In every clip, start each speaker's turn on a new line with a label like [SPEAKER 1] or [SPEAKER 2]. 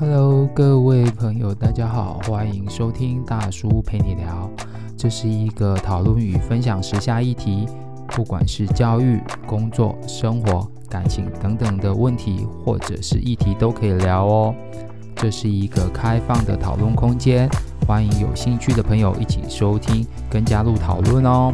[SPEAKER 1] Hello，各位朋友，大家好，歡迎收聽大叔陪你聊。這是一個討論與分享時下議題，不管是教育、工作、生活、感情等等的問題，或者是議題都可以聊哦。這是一個開放的討論空間，歡迎有興趣的朋友一起收聽跟加入討論哦。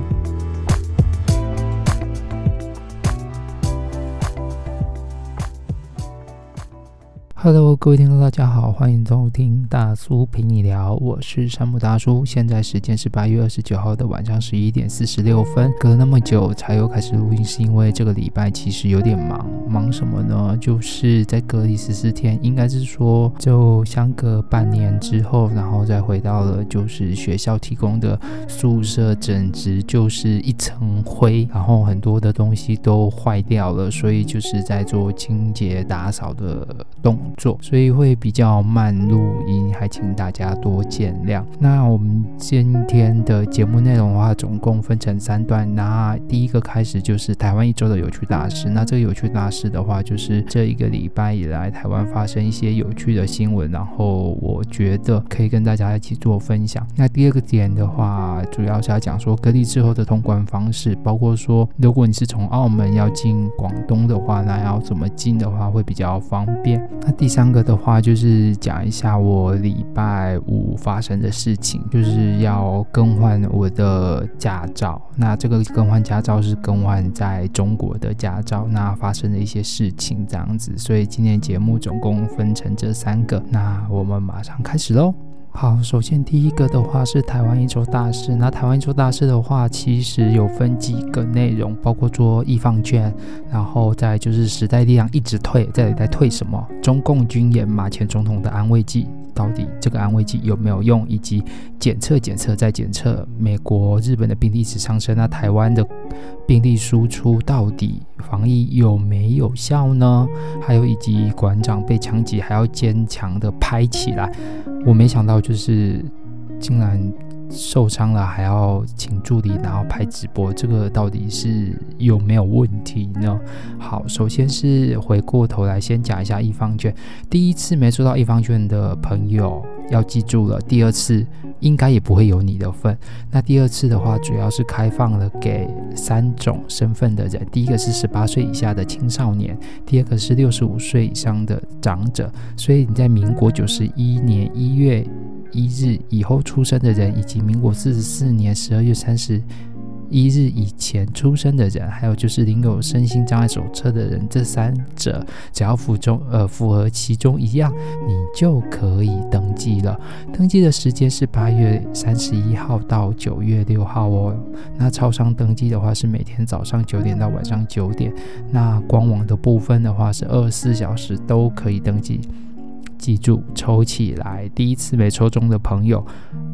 [SPEAKER 1] Hello，各位聽眾，大家好，歡迎收聽大叔陪你聊，我是山姆大叔。現在時間是八月二十九號的晚上十一點四十六分。隔了那麼久才又開始錄音，是因為這個禮拜其實有點忙。忙什麼呢？就是在隔離十四天，應該是說就相隔半年之後，然後再回到了就是學校提供的宿舍，簡直就是一層灰，然後很多的東西都壞掉了，所以就是在做清潔打掃的動作。做，所以會比較慢錄音，還請大家多見諒。那我們今天的節目內容的話，總共分成三段。那第一個開始就是台灣一周的有趣大事。那這個有趣大事的話，就是這一個禮拜以來台灣發生一些有趣的新聞，然後我覺得可以跟大家一起做分享。那第二個點的話，主要是要講說隔離之後的通關方式，包括說如果你是從澳門要進廣東的話，那要怎麼進的話會比較方便。那第三個的話，就是講一下我禮拜五發生的事情，就是要更換我的駕照。那這個更換駕照是更換在中國的駕照，那發生的一些事情這樣子。所以今天節目總共分成這三個，那我們馬上開始嘍。好，首先第一個的話是台灣一周大事。那台灣一周大事的話，其實有分幾個內容，包括做藝 FUN 券，然後再就是時代力量一直退，這裡在退什麼？中共軍演，馬前總統的安慰劑，到底這個安慰劑有沒有用？以及檢測、檢測再檢測，美國、日本的病例一直上升，那台灣的病例輸出到底防疫有沒有效呢？還有以及館長被槍擊，還要堅強地拍起來。我沒想到，就是竟然受傷了，還要請助理，然後拍直播，這個到底是有沒有問題呢？好，首先是回過頭來先講一下藝 FUN 券，第一次沒收到藝 FUN 券的朋友要記住了，第二次。應該也不會有你的份。那第二次的話，主要是開放了給三種身份的人：第一個是十八歲以下的青少年，第二個是六十五歲以上的長者。所以你在民國九十一年一月一日以後出生的人，以及民國四十四年十二月三十。一日以前出生的人，還有就是領有身心障礙手冊的人，這三者只要符中呃，符合其中一樣，你就可以登記了。登記的時間是八月三十一號到九月六號哦。那超商登記的話是每天早上九點到晚上九點。那官網的部分的話是二十四小時都可以登記。記住抽起來，第一次沒抽中的朋友，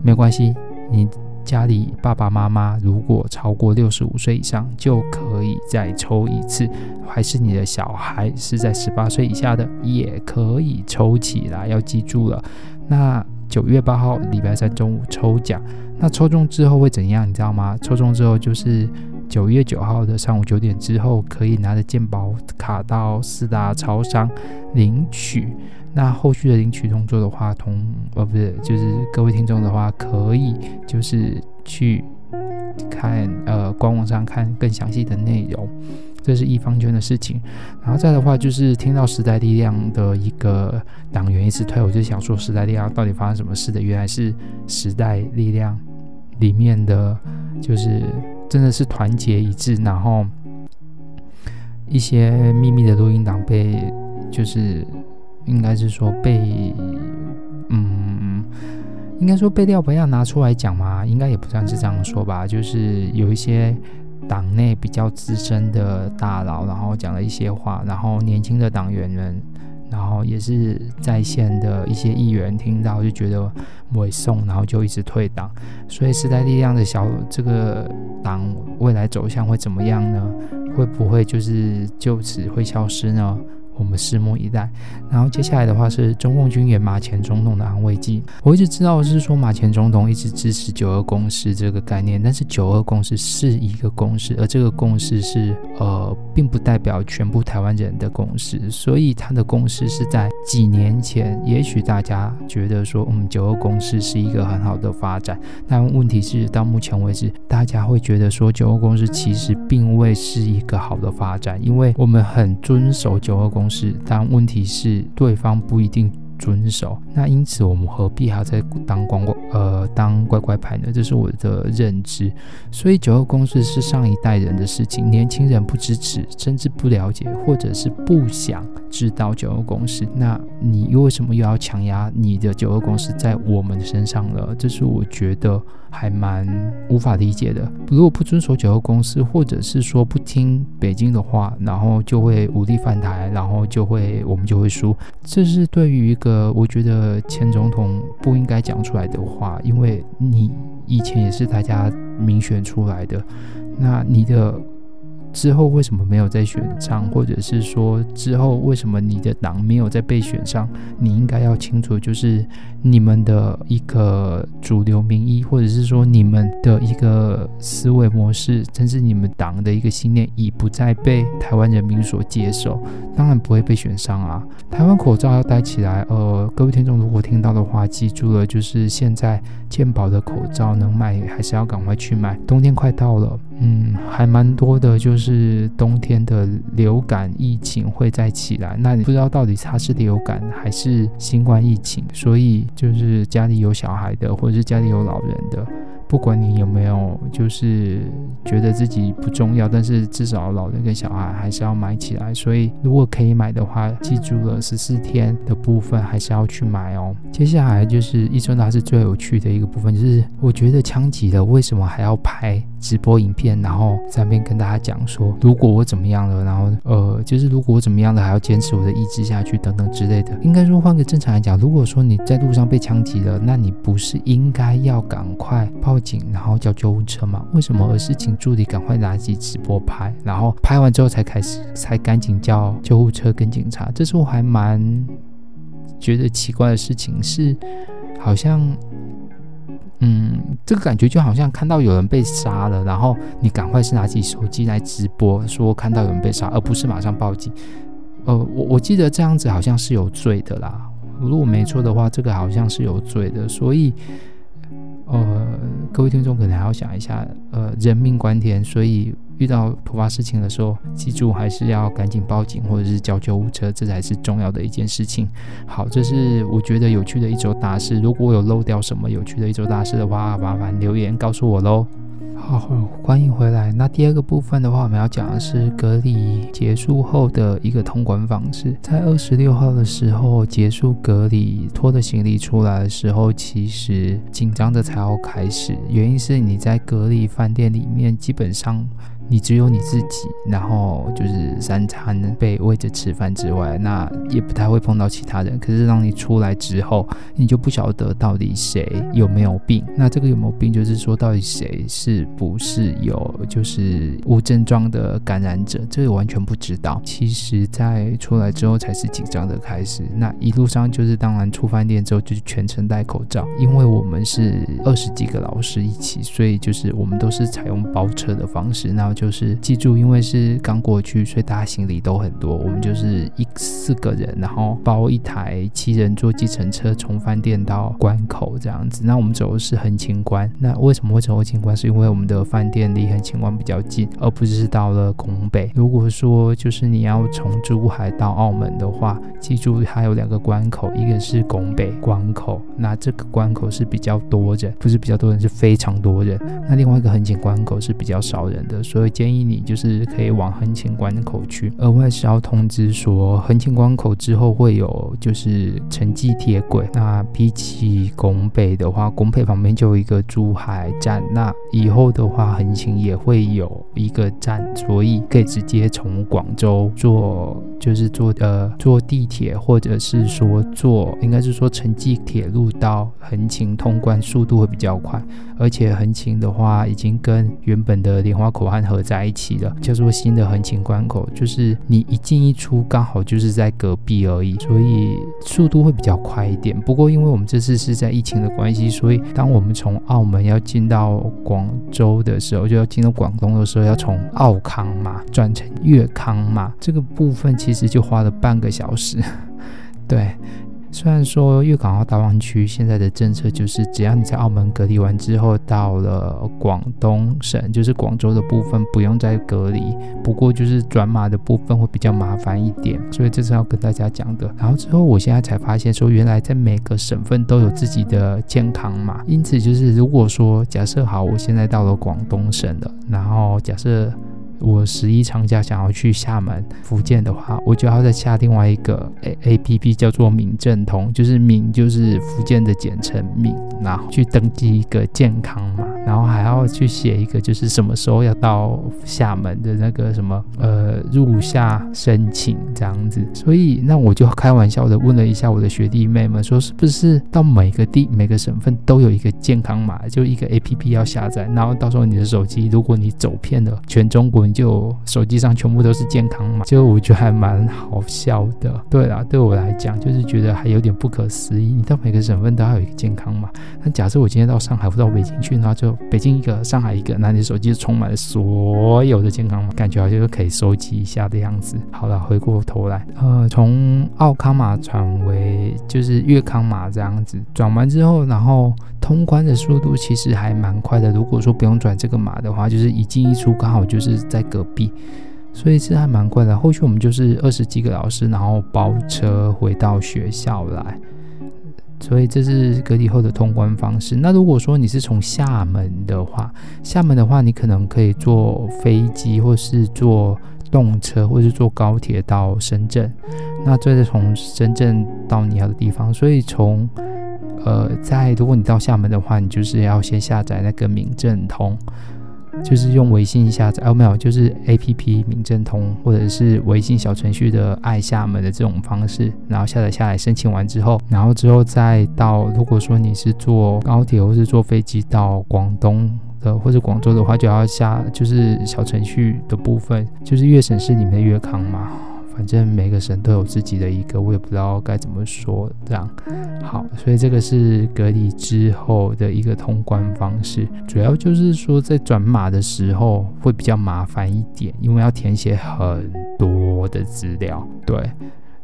[SPEAKER 1] 沒關係，你。家裡爸爸媽媽如果超過六十五歲以上，就可以再抽一次；還是你的小孩是在十八歲以下的，也可以抽起來。要記住了，那九月八號禮拜三中午抽獎，那抽中之後會怎樣？你知道嗎？抽中之後就是。九月九號的上午九點之後，可以拿着健保卡到四大超商領取。那後續的領取動作的話，同呃、哦、不是就是各位聽眾的話，可以就是去看呃官網上看更詳細的內容。這是一方圈的事情。然後再的話，就是聽到時代力量的一個黨員一直退，我就想說時代力量到底發生什麼事的？原來是時代力量裡面的就是。真的是團結一致，然後一些祕密的錄音檔被，就是應該是說被，嗯，應該說被調不要拿出來講嘛，應該也不算是這樣說吧，就是有一些黨內比較資深的大佬，然後講了一些話，然後年輕的黨員們。然後也是在線的一些議員聽到就覺得沒送，然後就一直退黨。所以時代力量的小這個黨未來走向會怎麼樣呢？會不會就是就此會消失呢？我們拭目以待。然後接下來的話是中共軍演馬前總統的安慰劑。我一直知道是說馬前總統一直支持九二共識這個概念，但是九二共識是一個共識，而這個共識是呃，並不代表全部台灣人的共識。所以他的共識是在幾年前，也許大家覺得說嗯，九二共識是一個很好的發展。但問題是到目前為止，大家會覺得說九二共識其實並未是一個好的發展，因為我們很遵守九二共。是，但問題是對方不一定遵守。那因此，我們何必還要在當乖乖呃當乖乖牌呢？這是我的認知。所以，九二共識是上一代人的事情，年輕人不支持，甚至不了解，或者是不想。知道九二共識，那你又為什麼又要強壓你的九二共識在我們身上了？這是我覺得還蠻無法理解的。如果不遵守九二共識，或者是說不聽北京的話，然後就會武力犯台，然後就會我們就會輸。這是對於一個我覺得前總統不應該講出來的話，因為你以前也是大家民選出來的，那你的。之後為什麼沒有再選上，或者是說之後為什麼你的黨沒有再被選上？你應該要清楚，就是你們的一個主流民意，或者是說你們的一個思維模式，甚至你們黨的一個信念，已不再被台灣人民所接受，當然不會被選上啊。台灣口罩要戴起來，呃，各位聽眾，如果聽到的話，記住了，就是現在。健保的口罩能買，還是要趕快去買。冬天快到了，嗯，還蠻多的，就是冬天的流感疫情會再起來。那你不知道到底它是流感還是新冠疫情，所以就是家裡有小孩的，或者是家裡有老人的。不管你有沒有，就是覺得自己不重要，但是至少老人跟小孩還是要買起來。所以如果可以買的話，記住了十四天的部分還是要去買哦。接下來就是一週大事最有趣的一個部分，就是我覺得槍擊了為什麼還要拍直播影片，然後上面跟大家講說，如果我怎麼樣了，然後呃，就是如果我怎麼樣了，還要堅持我的意志下去等等之類的。應該說換個正常來講，如果說你在路上被槍擊了，那你不是應該要趕快抱。警，然後叫救護車嘛？為什麼？而是請助理趕快拿起直播拍？然後拍完之後才開始，才趕緊叫救護車跟警察？這時候還蠻覺得奇怪的事情，是好像，嗯，這個感覺就好像看到有人被殺了，然後你趕快是拿起手機來直播，說看到有人被殺，而不是馬上報警。呃，我我記得這樣子好像是有罪的啦，如果沒錯的話，這個好像是有罪的，所以，呃。各位聽眾可能還要想一下，呃，人命關天，所以遇到突發事情的時候，記住還是要趕緊報警或者是叫救護車，這才是重要的一件事情。好，這是我覺得有趣的一周大事。如果我有漏掉什麼有趣的一周大事的話，麻煩留言告訴我嘍。好，歡迎回來。那第二個部分的話，我們要講的是隔離結束後的一個通關方式。在二十六號的時候結束隔離，拖着行李出來的時候，其實緊張的才要開始。原因是你在隔離飯店裡面，基本上。你只有你自己，然後就是三餐呢被餵着吃飯之外，那也不太會碰到其他人。可是當你出來之後，你就不曉得到底誰有沒有病。那這個有沒有病，就是說到底誰是不是有，就是無症狀的感染者，這個完全不知道。其實在出來之後才是緊張的開始。那一路上就是，當然出飯店之後就是全程戴口罩，因為我們是二十幾個老師一起，所以就是我們都是採用包車的方式，就是記住，因為是剛過去，所以大家行李都很多。我們就是一四個人，然後包一台七人座計程車從飯店到關口這樣子。那我們走的是橫琴關。那為什麼會走橫琴關？是因為我們的飯店離橫琴關比較近，而不是，是到了拱北。如果說就是你要從珠海到澳門的話，記住還有兩個關口，一個是拱北關口，那這個關口是比較多人，不是比較多人，是非常多人。那另外一個橫琴關口是比較少人的，所以。建議你就是可以往橫琴關口去，額外是要通知說橫琴關口之後會有就是城際鐵軌。那比起拱北的話，拱北旁邊就有一個珠海站，那以後的話橫琴也會有一個站，所以可以直接從廣州坐就是坐的坐地鐵，或者是說坐應該是說城際鐵路到橫琴通關速度會比較快，而且橫琴的話已經跟原本的蓮花口岸，合在一起的叫做新的橫琴關口，就是你一進一出剛好就是在隔壁而已，所以速度會比較快一點。不過因為我們這次是在疫情的關係，所以當我們從澳門要進到廣州的時候，就要進到廣東的時候，要從澳康碼轉成粵康碼。這個部分其實就花了半個小時。對。雖然說粵港澳大灣區現在的政策就是，只要你在澳門隔離完之後，到了廣東省，就是廣州的部分不用再隔離。不過就是轉碼的部分會比較麻煩一點，所以這是要跟大家講的。然後之後我現在才發現，說原來在每個省份都有自己的健康碼，因此就是如果說假設好，我現在到了廣東省了，然後假設。我十一長假想要去廈門、福建的話，我就要再下另外一個 A A P P 叫做“閩政通”，就是閩就是福建的簡稱閩，然後去登記一個健康碼，然後還要去寫一個就是什麼時候要到廈門的那個什麼呃入廈申請這樣子。所以那我就開玩笑的問了一下我的學弟妹們，說是不是到每個地每個省份都有一個健康碼，就一個 A P P 要下載，然後到時候你的手機如果你走遍了全中國。就手機上全部都是健康碼，就我覺得還蠻好笑的。對啦，對我來講就是覺得還有點不可思議。你到每個省份都要有一個健康碼？那假設我今天到上海，或到北京去，然後就北京一個，上海一個，那你手機就充滿了所有的健康碼？感覺好像就可以收集一下的樣子。好了，回過頭來，呃，從澳康碼轉為就是粵康碼這樣子，轉完之後，然後。通關的速度其實還蠻快的。如果說不用轉這個碼的話，就是一進一出剛好就是在隔壁，所以是還蠻快的。後續我們就是二十幾個老師，然後包車回到學校來，所以這是隔離後的通關方式。那如果說你是從廈門的話，廈門的話你可能可以坐飛機，或是坐動車，或是坐高鐵到深圳，那這是從深圳到你要的地方，所以從。呃，在如果你到廈門的話，你就是要先下載那個閩政通，就是用微信下載，哦、啊、沒有，就是 A P P 閩政通或者是微信小程序的愛廈門的這種方式，然後下載下來申請完之後，然後之後再到如果說你是坐高鐵或是坐飛機到廣東的或者廣州的話，就要下就是小程序的部分，就是粵省事裡面的粵康碼。反正每個省都有自己的一個，我也不知道該怎麼說，這樣好，所以這個是隔離之後的一個通關方式，主要就是說在轉碼的時候會比較麻煩一點，因為要填寫很多的資料，對。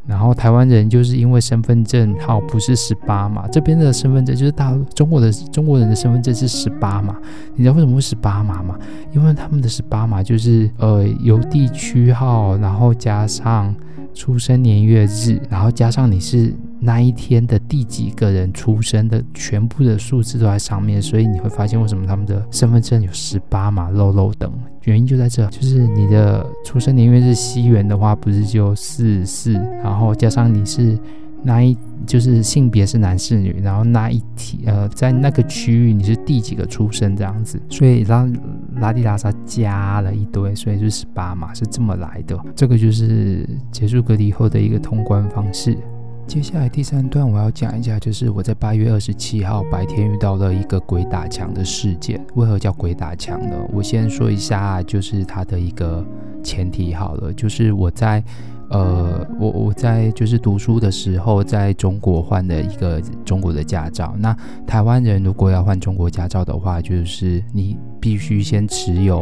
[SPEAKER 1] 然後台灣人就是因為身份證號不是十八嘛，這邊的身份證就是大陸中國的中國人的身份證是十八嘛，你知道為什麼會十八碼嗎？因為他們的十八碼就是呃由地區號，然後加上出生年月日，然後加上你是。那一天的第幾個人出生的全部的數字都在上面，所以你會發現為什麼他們的身份證有十八碼漏漏等，原因就在這，就是你的出生年月日是西元的話，不是就四四，然後加上你是那一就是性別是男是女，然後那一天呃在那個區域你是第幾個出生這樣子，所以讓拉迪拉薩加了一堆，所以就是十八碼是這麼來的。這個就是結束隔離後的一個通關方式。接下來第三段我要講一下，就是我在八月二十七號白天遇到了一個鬼打牆的事件。為何叫鬼打牆呢？我先說一下，就是它的一個前提好了，就是我在呃，我我在就是讀書的時候在中國換了一個中國的駕照。那台灣人如果要換中國駕照的話，就是你必須先持有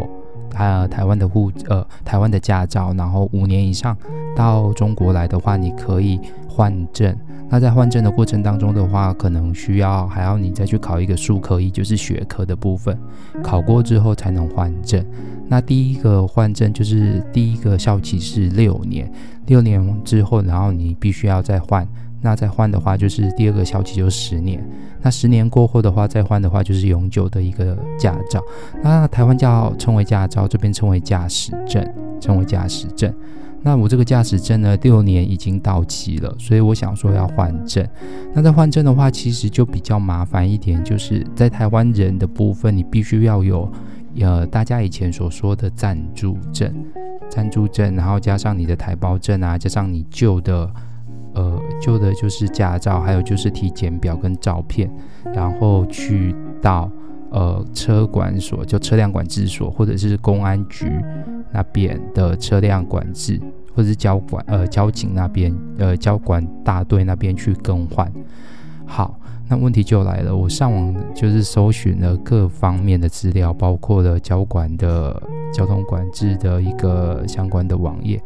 [SPEAKER 1] 啊，呃，台灣的護呃台灣的駕照，然後五年以上到中國來的話，你可以。換證，那在換證的過程當中的話，可能需要還要你再去考一個術科一，就是學科的部分，考過之後才能換證。那第一個換證就是第一個效期是六年，六年之後，然後你必須要再換。那再換的話，就是第二個效期就十年。那十年過後的話，再換的話就是永久的一個駕照。那台灣叫稱為駕照，這邊稱為駕駛證，稱為駕駛證。那我這個駕駛證呢，六年已經到期了，所以我想說要換證。那在換證的話，其實就比較麻煩一點，就是在台灣人的部分，你必須要有，呃，大家以前所說的暫住證、暫住證，然後加上你的台胞證啊，加上你舊的，呃，舊的就是駕照，還有就是體檢表跟照片，然後去到呃車管所，就車輛管制所或者是公安局。那邊的車輛管制，或者是交管，呃，交警那邊，呃，交管大隊那邊去更換。好，那問題就來了，我上網就是搜尋了各方面的資料，包括了交管的交通管制的一個相關的網頁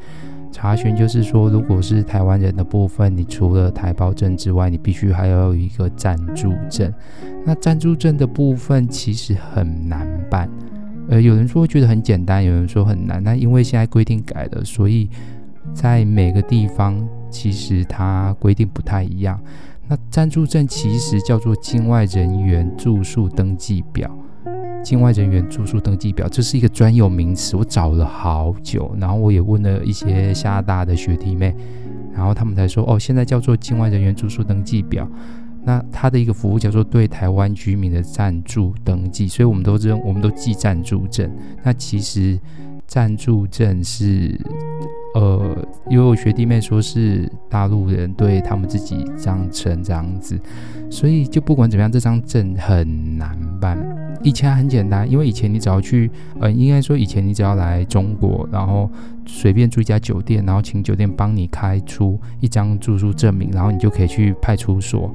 [SPEAKER 1] 查詢，就是說，如果是台灣人的部分，你除了台胞證之外，你必須還要有一個暫住證。那暫住證的部分其實很難辦。呃，有人說覺得很簡單，有人說很難。那因為現在規定改了，所以在每個地方其實它規定不太一樣。那暫住證其實叫做境外人員住宿登記表，境外人員住宿登記表，這是一個專有名詞。我找了好久，然後我也問了一些廈大，大的學弟妹，然後他們才說，哦，現在叫做境外人員住宿登記表。那他的一個服務叫做對台灣居民的暫住登記，所以我們都認，我們都記暫住證。那其實暫住證是，呃，因為我學弟妹說是大陸人對他們自己張成這樣子，所以就不管怎麼樣，這張證很難辦。以前很簡單，因為以前你只要去，呃，應該說以前你只要來中國，然後隨便住一家酒店，然後請酒店幫你開出一張住宿證明，然後你就可以去派出所。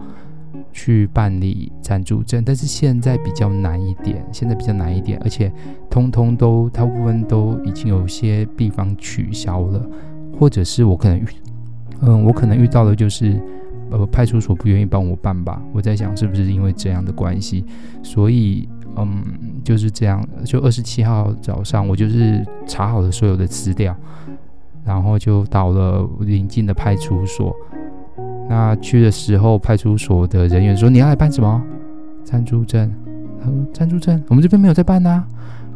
[SPEAKER 1] 去辦理暫住證，但是現在比較難一點，現在比較難一點，而且通通都，大部分都已經有些地方取消了，或者是我可能，嗯，我可能遇到的就是，呃，派出所不願意幫我辦吧？我在想是不是因為這樣的關係，所以，嗯，就是這樣。就二十七號早上，我就是查好了所有的資料，然後就到了臨近的派出所。那去的時候，派出所的人員說：“你要來辦什麼？暫住證？他說：“暫住證？我們這邊沒有在辦吶、啊。”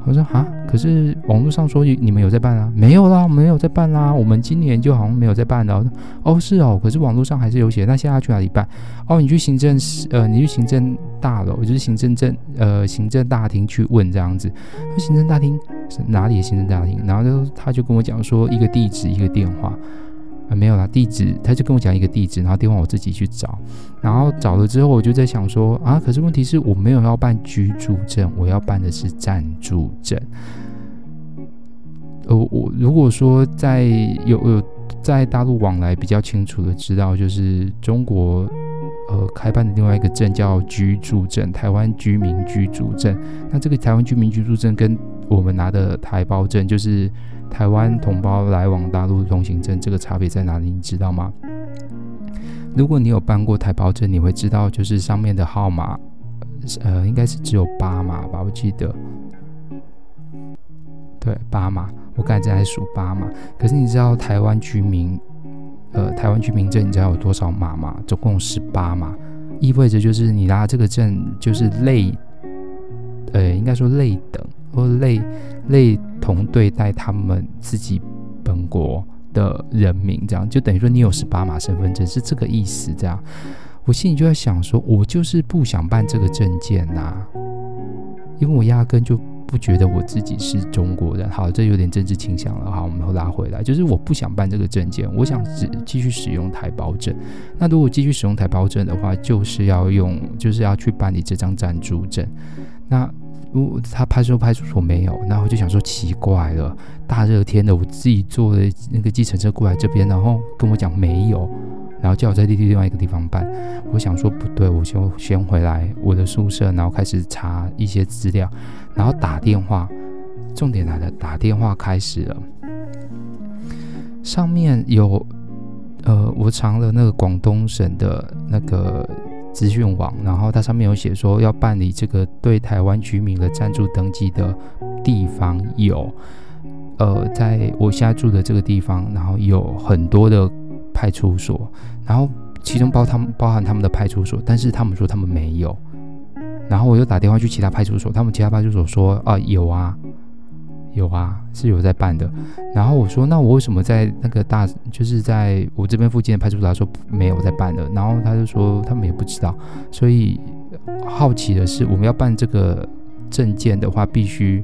[SPEAKER 1] 我說：“哈，可是網絡上說你們有在辦啊。”“沒有啦，我們沒有在辦啦。我們今年就好像沒有在辦了。”我說：“哦，是哦。可是網絡上還是有寫的。那現在要去哪裡辦？哦，你去行政室，呃，你去行政大樓，就是行政證，呃，行政大廳去問這樣子。行政大廳是哪裡的行政大廳？然後他就跟我講說一個地址，一個電話。”啊，沒有啦，地址他就跟我講一個地址，然後電話我自己去找，然後找了之後我就在想說啊，可是問題是，我沒有要辦居住證，我要辦的是暫住證。呃，我如果說在有有在大陸往來比較清楚的知道，就是中國呃開辦的另外一個證叫居住證，台灣居民居住證。那這個台灣居民居住證跟我們拿的台胞證就是。台灣同胞來往大陸的通行證，這個差別在哪裡？你知道嗎？如果你有辦過台胞證，你會知道，就是上面的號碼，呃，應該是只有八碼吧？我記得，對，八碼，我感覺還是數八碼。可是你知道台灣居民，呃，台灣居民證你知道有多少碼嗎？總共十八碼，意味着就是你拿這個證就是類，呃，應該說類等。哦，類類同對待他們自己本國的人民，這樣就等於說你有十八碼身份證是這個意思，這樣我心裡就在想說，說我就是不想辦這個證件吶、啊，因為我壓根就不覺得我自己是中國人。好，這有點政治傾向了，好，我們後拉回來，就是我不想辦這個證件，我想只繼續使用台胞證。那如果繼續使用台胞證的話，就是要用，就是要去辦理這張暫住證。那我他派出所派出所沒有，然後就想說奇怪了，大熱天的，我自己坐的那個計程車過來這邊，然後跟我講沒有，然後叫我在滴滴另外一個地方辦。我想說不對，我就先回來我的宿舍，然後開始查一些資料，然後打電話，重點來了，打電話開始了。上面有，呃，我查了那個廣東省的那個。資訊網，然後它上面有寫說要辦理這個對台灣居民的暫住登記的地方有，呃，在我現在住的這個地方，然後有很多的派出所，然後其中包他們包含他們的派出所，但是他們說他們沒有，然後我又打電話去其他派出所，他們其他派出所說啊有啊。有啊，是有在辦的。然後我說：“那我為什麼在那個大，就是在我這邊附近的派出所他說沒有在辦的？”然後他就說：“他們也不知道。”所以好奇的是，我們要辦這個證件的話，必須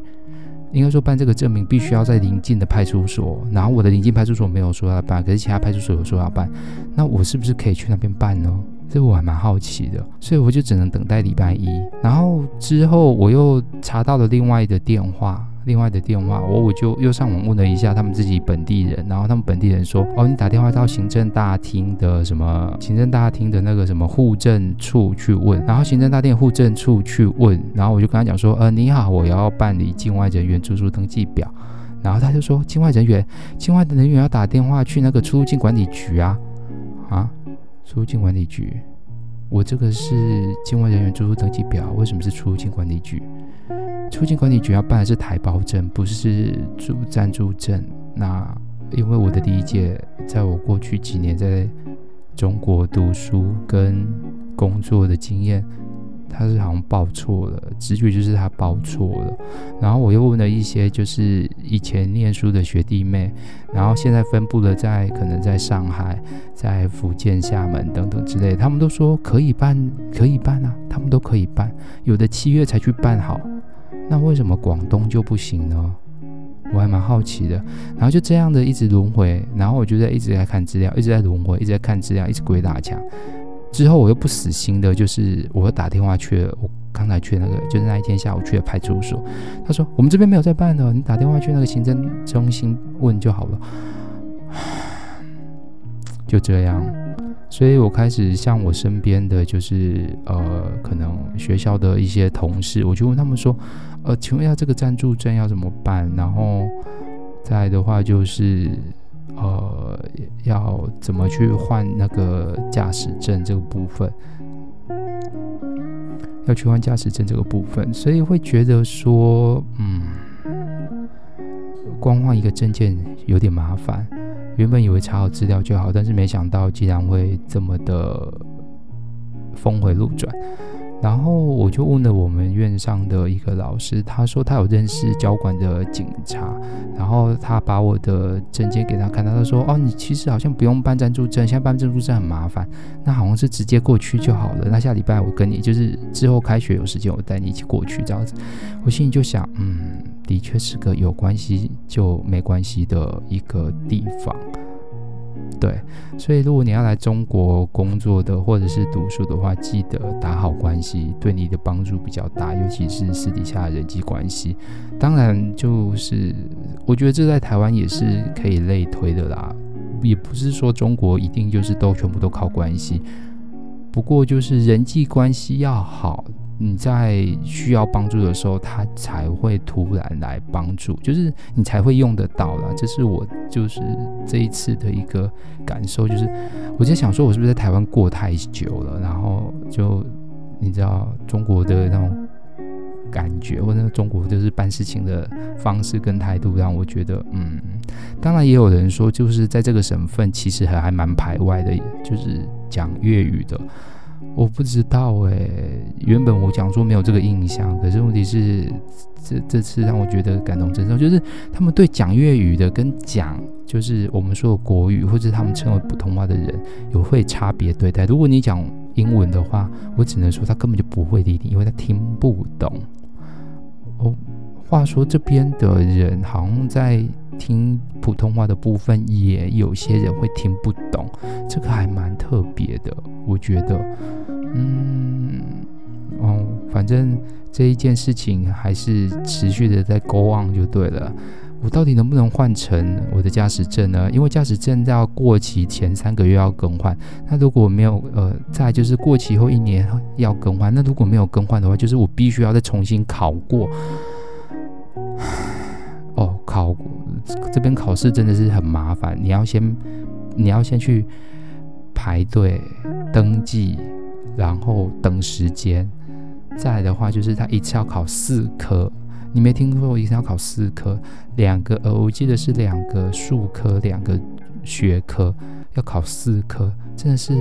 [SPEAKER 1] 應該說辦這個證明必須要在鄰近的派出所。然後我的鄰近派出所沒有說要辦，可是其他派出所有說要辦，那我是不是可以去那邊辦呢？這個我還蠻好奇的，所以我就只能等待禮拜一。然後之後我又查到了另外一個電話。另外的電話，我我就又上網問了一下他們自己本地人，然後他們本地人說，哦，你打電話到行政大廳的什麼行政大廳的那個什麼戶政處去問，然後行政大廳戶政處去問，然後我就跟他講說，呃，你好，我要辦理境外人員住宿登記表，然後他就說，境外人員，境外的人員要打電話去那個出入境管理局啊，啊，出入境管理局，我這個是境外人員住宿登記表，為什麼是出入境管理局？出境管理局要辦的是台胞證，不是駐暫住證。那因為我的理解，在我過去幾年在中國讀書跟工作的經驗，他是好像報錯了，直覺就是他報錯了。然後我又問了一些就是以前念書的學弟妹，然後現在分布了在可能在上海、在福建廈門等等之類，他們都說可以辦，可以辦啊，他們都可以辦，有的七月才去辦好。那為什麼廣東就不行呢？我還蠻好奇的。然後就這樣的，一直輪迴。然後我就在一直在看資料，一直在輪迴，一直在看資料，一直鬼打牆。之後我又不死心的，就是我又打電話去了，我剛才去那個，就是那一天下午去的派出所。他說：“我們這邊沒有在辦呢，你打電話去那個行政中心問就好了。”唉，就這樣。所以，我開始向我身邊的就是呃，可能學校的一些同事，我就問他們說，呃，請問一下這個暫住證要怎麼辦？然後再的話就是呃，要怎麼去換那個駕駛證這個部分？要去換駕駛證這個部分，所以會覺得說，嗯，光換一個證件有點麻煩。原本以為查好資料就好，但是沒想到竟然會這麼的峰回路轉。然後我就問了我們院上的一個老師，他說他有認識交管的警察，然後他把我的證件給他看，他他說哦，你其實好像不用辦暫住證，現在辦暫住證很麻煩，那好像是直接過去就好了。那下禮拜我跟你就是之後開學有時間，我帶你一起過去。這樣子，我心裡就想，嗯。的確是個有關係就沒關係的一個地方，對。所以如果你要來中國工作的或者是讀書的話，記得打好關係，對你的幫助比較大。尤其是私底下人際關係，當然就是我覺得這在台灣也是可以類推的啦。也不是說中國一定就是都全部都靠關係，不過就是人際關係要好。你在需要幫助的時候，他才會突然來幫助，就是你才會用得到啦。這是我就是這一次的一個感受，就是我就想說，我是不是在台灣過太久了，然後就你知道中國的那種感覺，或者是中國就是辦事情的方式跟態度，讓我覺得嗯。當然也有人說，就是在這個省份其實還還蠻排外的，就是講粵語的。我不知道誒、欸，原本我講說沒有這個印象，可是問題是這，這這次讓我覺得感動真深，就是他們對講粵語的跟講就是我們說的國語或者他們稱為普通話的人，有會差別對待。如果你講英文的話，我只能說他根本就不會理你，因為他聽不懂。哦，話說這邊的人好像在聽普通話的部分，也有些人會聽不懂，這個還蠻特別的，我覺得。嗯哦，反正這一件事情還是持續的在 go on 就對了。我到底能不能換成我的駕駛證呢？因為駕駛證要過期前三個月要更換，那如果沒有呃再，就是過期後一年要更換，那如果沒有更換的話，就是我必須要再重新考過。唉哦，考，這邊考試真的是很麻煩，你要先，你要先去排隊，登記。然後等時間，再來的話就是他一次要考四科，你沒聽說過？一次要考四科，兩個呃，我記得是兩個數科，兩個學科要考四科，真的是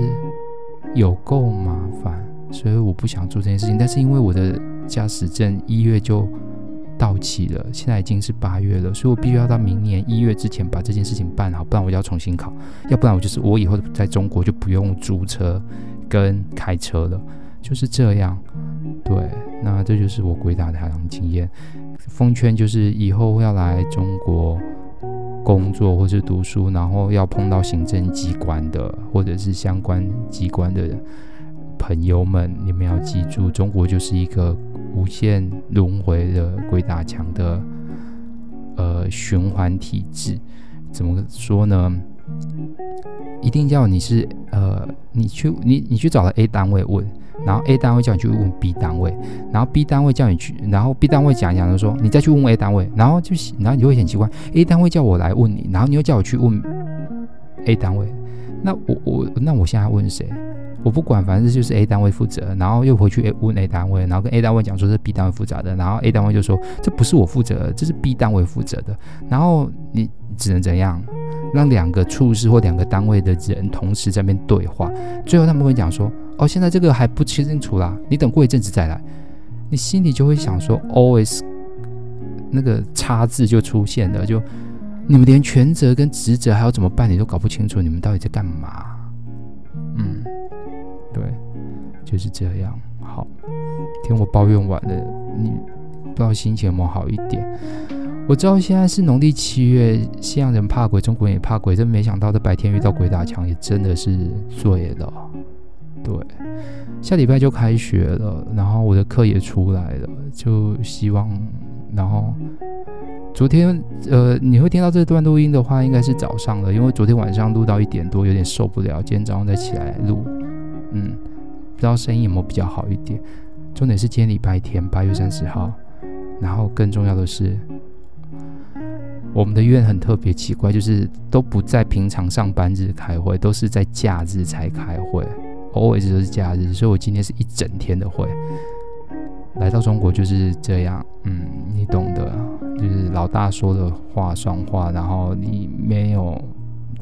[SPEAKER 1] 有夠麻煩。所以我不想做這件事情。但是因為我的駕駛證一月就到期了，現在已經是八月了，所以我必須要到明年一月之前把這件事情辦好，不然我就要重新考，要不然我就是我以後在中國就不用租車。跟開車了，就是這樣，對。那這就是我鬼打牆的經驗。奉勸就是以後要來中國工作或是讀書，然後要碰到行政機關的或者是相關機關的朋友們，你們要記住，中國就是一個無限輪回的鬼打牆的呃循環體制。怎麼說呢？一定叫你是呃，你去你你去找了 A 單位問，然後 A 單位叫你去問 B 單位，然後 B 單位叫你去，然後 B 單位講講就說你再去問 A 單位，然後就然後你就會很奇怪，A 單位叫我來問你，然後你又叫我去問 A 單位，那我我那我現在問誰？我不管，反正就是 A 單位負責，然後又回去問 A 單位，然後跟 A 單位講說是 B 單位負責的，然後 A 單位就說這不是我負責，這是 B 單位負責的，然後你只能怎樣？讓兩個處室或兩個單位的人同時在那邊對話，最後他們會講說：“哦，現在這個還不清楚啦，你等過一陣子再來。”你心裡就會想說：“always 那個差字就出現了，就你們連權責跟職責還要怎麼辦，你都搞不清楚，你們到底在幹嘛？”嗯，對，就是這樣。好，聽我抱怨完了，你不知道心情有沒有好一點。我知道現在是農曆七月，西洋人怕鬼，中國人也怕鬼。真沒想到在白天遇到鬼打牆，也真的是醉了。對，下禮拜就開學了，然後我的課也出來了，就希望。然後昨天呃，你會聽到這段錄音的話，應該是早上了，因為昨天晚上錄到一點多，有點受不了，今天早上再起來錄，嗯，不知道聲音有沒有比較好一點。重點是今天禮拜天，八月三十號，嗯、然後更重要的是。我們的院很特別奇怪，就是都不在平常上班日開會，都是在假日才開會，always 都是假日，所以我今天是一整天的會。來到中國就是這樣，嗯，你懂得，就是老大說的話算話，然後你沒有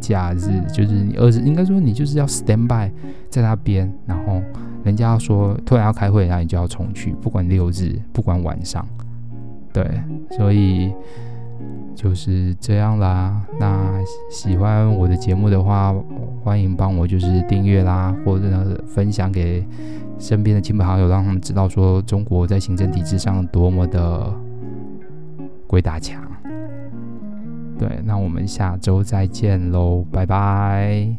[SPEAKER 1] 假日，就是你兒子應該說你就是要 stand by 在那邊，然後人家要說突然要開會，那你就要衝去，不管六日，不管晚上，對，所以。就是這樣啦。那喜歡我的節目的話，歡迎幫我就是訂閱啦，或者分享給身邊的親朋好友，讓他們知道說中國在行政體制上多麼的鬼打牆。對，那我們下周再見嘍，拜拜。